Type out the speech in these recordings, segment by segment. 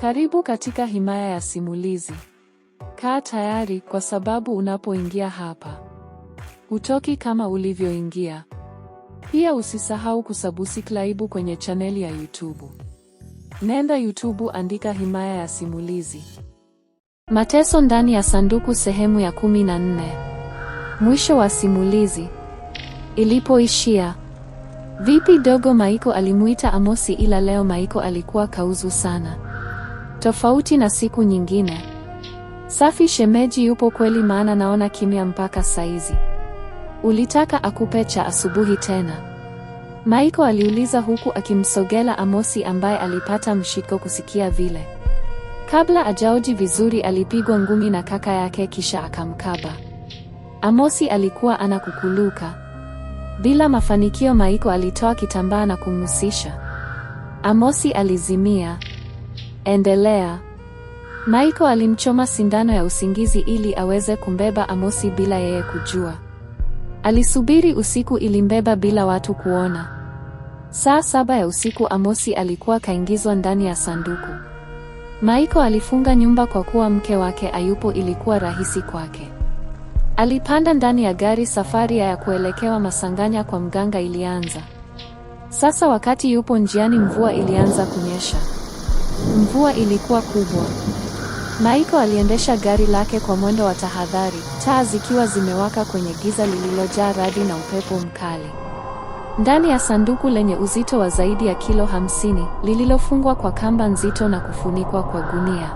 Karibu katika himaya ya simulizi. Kaa tayari kwa sababu unapoingia hapa hutoki kama ulivyoingia. Pia usisahau kusabusi klaibu kwenye chaneli ya YouTube. Nenda YouTube, andika himaya ya simulizi. Mateso ndani ya sanduku sehemu ya 14. Mwisho wa simulizi. Ilipoishia. Vipi dogo Maiko alimuita Amosi ila leo Maiko alikuwa kauzu sana. Tofauti na siku nyingine. Safi shemeji yupo kweli maana naona kimya mpaka saizi. Ulitaka akupe cha asubuhi tena? Maiko aliuliza huku akimsogela Amosi ambaye alipata mshiko kusikia vile. Kabla ajaoji vizuri alipigwa ngumi na kaka yake kisha akamkaba. Amosi alikuwa anakukuluka. Bila mafanikio Maiko alitoa kitambaa na kumhusisha. Amosi alizimia. Endelea. Maiko alimchoma sindano ya usingizi ili aweze kumbeba Amosi bila yeye kujua. Alisubiri usiku ilimbeba bila watu kuona. Saa saba ya usiku Amosi alikuwa kaingizwa ndani ya sanduku. Maiko alifunga nyumba kwa kuwa mke wake ayupo, ilikuwa rahisi kwake. Alipanda ndani ya gari. Safari ya kuelekewa Masanganya kwa mganga ilianza. Sasa wakati yupo njiani, mvua ilianza kunyesha. Mvua ilikuwa kubwa. Maiko aliendesha gari lake kwa mwendo wa tahadhari, taa zikiwa zimewaka kwenye giza lililojaa radi na upepo mkali. Ndani ya sanduku lenye uzito wa zaidi ya kilo hamsini, lililofungwa kwa kamba nzito na kufunikwa kwa gunia.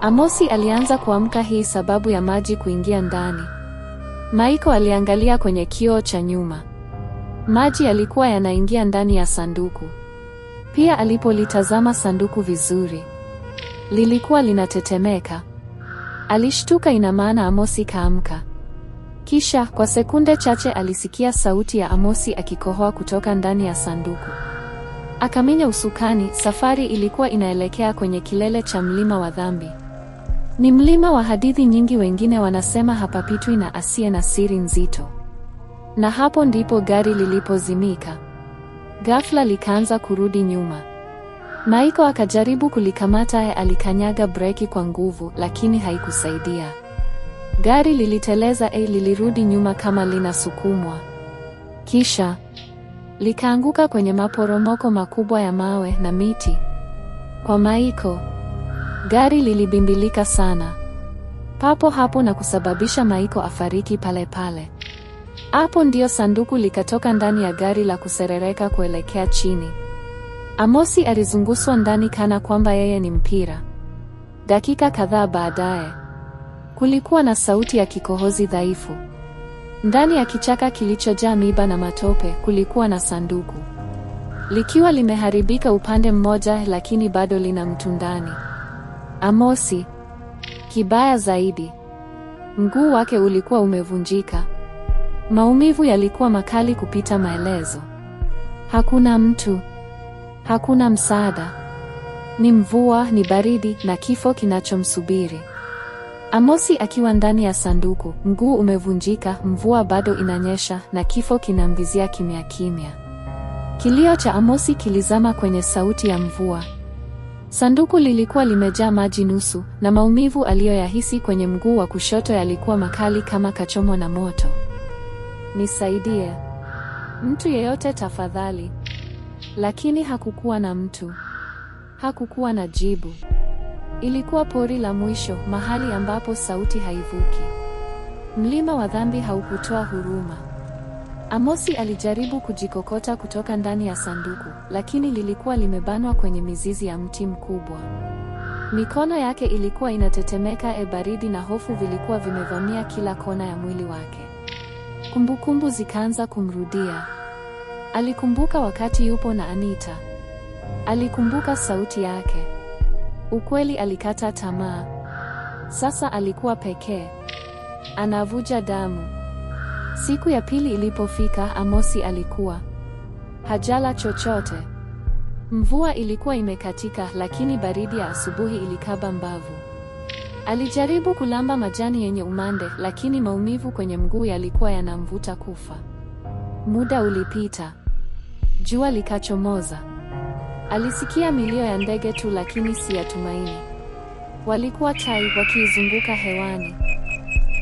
Amosi alianza kuamka hii sababu ya maji kuingia ndani. Maiko aliangalia kwenye kioo cha nyuma. Maji yalikuwa yanaingia ndani ya sanduku. Pia alipolitazama sanduku vizuri, lilikuwa linatetemeka. Alishtuka, ina maana Amosi kaamka. Kisha kwa sekunde chache alisikia sauti ya Amosi akikohoa kutoka ndani ya sanduku. Akamenya usukani. Safari ilikuwa inaelekea kwenye kilele cha mlima wa dhambi. Ni mlima wa hadithi nyingi, wengine wanasema hapapitwi na asiye na siri nzito. Na hapo ndipo gari lilipozimika ghafla likaanza kurudi nyuma. Maiko akajaribu kulikamata, alikanyaga breki kwa nguvu, lakini haikusaidia. Gari liliteleza, eh, lilirudi nyuma kama linasukumwa, kisha likaanguka kwenye maporomoko makubwa ya mawe na miti. Kwa Maiko, gari lilibimbilika sana papo hapo na kusababisha Maiko afariki pale pale. Hapo ndio sanduku likatoka ndani ya gari la kuserereka kuelekea chini. Amosi alizunguswa ndani kana kwamba yeye ni mpira. Dakika kadhaa baadaye, kulikuwa na sauti ya kikohozi dhaifu. Ndani ya kichaka kilichojaa miba na matope, kulikuwa na sanduku likiwa limeharibika upande mmoja, lakini bado lina mtu ndani. Amosi, kibaya zaidi, mguu wake ulikuwa umevunjika. Maumivu yalikuwa makali kupita maelezo. Hakuna mtu, hakuna msaada, ni mvua, ni baridi na kifo kinachomsubiri. Amosi akiwa ndani ya sanduku, mguu umevunjika, mvua bado inanyesha na kifo kinamvizia kimya kimya. Kilio cha Amosi kilizama kwenye sauti ya mvua. Sanduku lilikuwa limejaa maji nusu, na maumivu aliyoyahisi kwenye mguu wa kushoto yalikuwa makali kama kachomwa na moto nisaidie mtu yeyote tafadhali. Lakini hakukuwa na mtu, hakukuwa na jibu. Ilikuwa pori la mwisho, mahali ambapo sauti haivuki. Mlima wa dhambi haukutoa huruma. Amosi alijaribu kujikokota kutoka ndani ya sanduku, lakini lilikuwa limebanwa kwenye mizizi ya mti mkubwa. Mikono yake ilikuwa inatetemeka, e, baridi na hofu vilikuwa vimevamia kila kona ya mwili wake. Kumbukumbu zikaanza kumrudia. Alikumbuka wakati yupo na Anita. Alikumbuka sauti yake. Ukweli alikata tamaa. Sasa alikuwa pekee. Anavuja damu. Siku ya pili ilipofika, Amosi alikuwa hajala chochote. Mvua ilikuwa imekatika, lakini baridi ya asubuhi ilikaba mbavu. Alijaribu kulamba majani yenye umande, lakini maumivu kwenye mguu yalikuwa yanamvuta kufa. Muda ulipita, jua likachomoza. Alisikia milio ya ndege tu, lakini si ya tumaini. Walikuwa tai wakiizunguka hewani,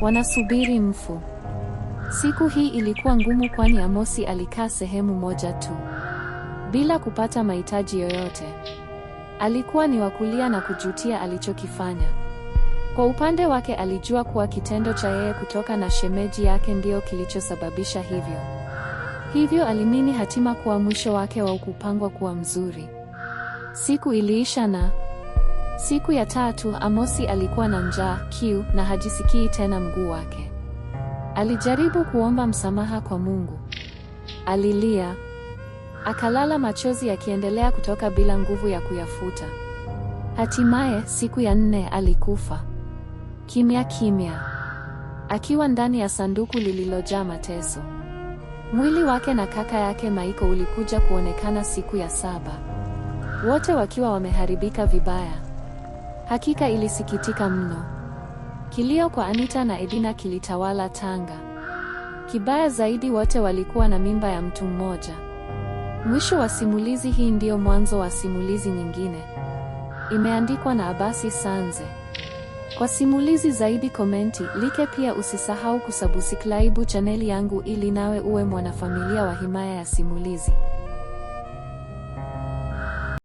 wanasubiri mfu. Siku hii ilikuwa ngumu, kwani Amosi alikaa sehemu moja tu bila kupata mahitaji yoyote. Alikuwa ni wakulia na kujutia alichokifanya. Kwa upande wake alijua kuwa kitendo cha yeye kutoka na shemeji yake ndiyo kilichosababisha hivyo. Hivyo alimini hatima kuwa mwisho wake wa ukupangwa kuwa mzuri. Siku iliisha na siku ya tatu Amosi alikuwa na njaa, kiu na hajisikii tena mguu wake. Alijaribu kuomba msamaha kwa Mungu. Alilia. Akalala machozi yakiendelea kutoka bila nguvu ya kuyafuta. Hatimaye siku ya nne alikufa kimya kimya, akiwa ndani ya sanduku lililojaa mateso. Mwili wake na kaka yake Maiko ulikuja kuonekana siku ya saba, wote wakiwa wameharibika vibaya. Hakika ilisikitika mno. Kilio kwa Anita na Edina kilitawala Tanga. Kibaya zaidi, wote walikuwa na mimba ya mtu mmoja. Mwisho wa simulizi hii ndio mwanzo wa simulizi nyingine. Imeandikwa na Abasi Sanze. Kwa simulizi zaidi komenti, like pia usisahau kusubscribe chaneli yangu ili nawe uwe mwanafamilia wa Himaya ya Simulizi.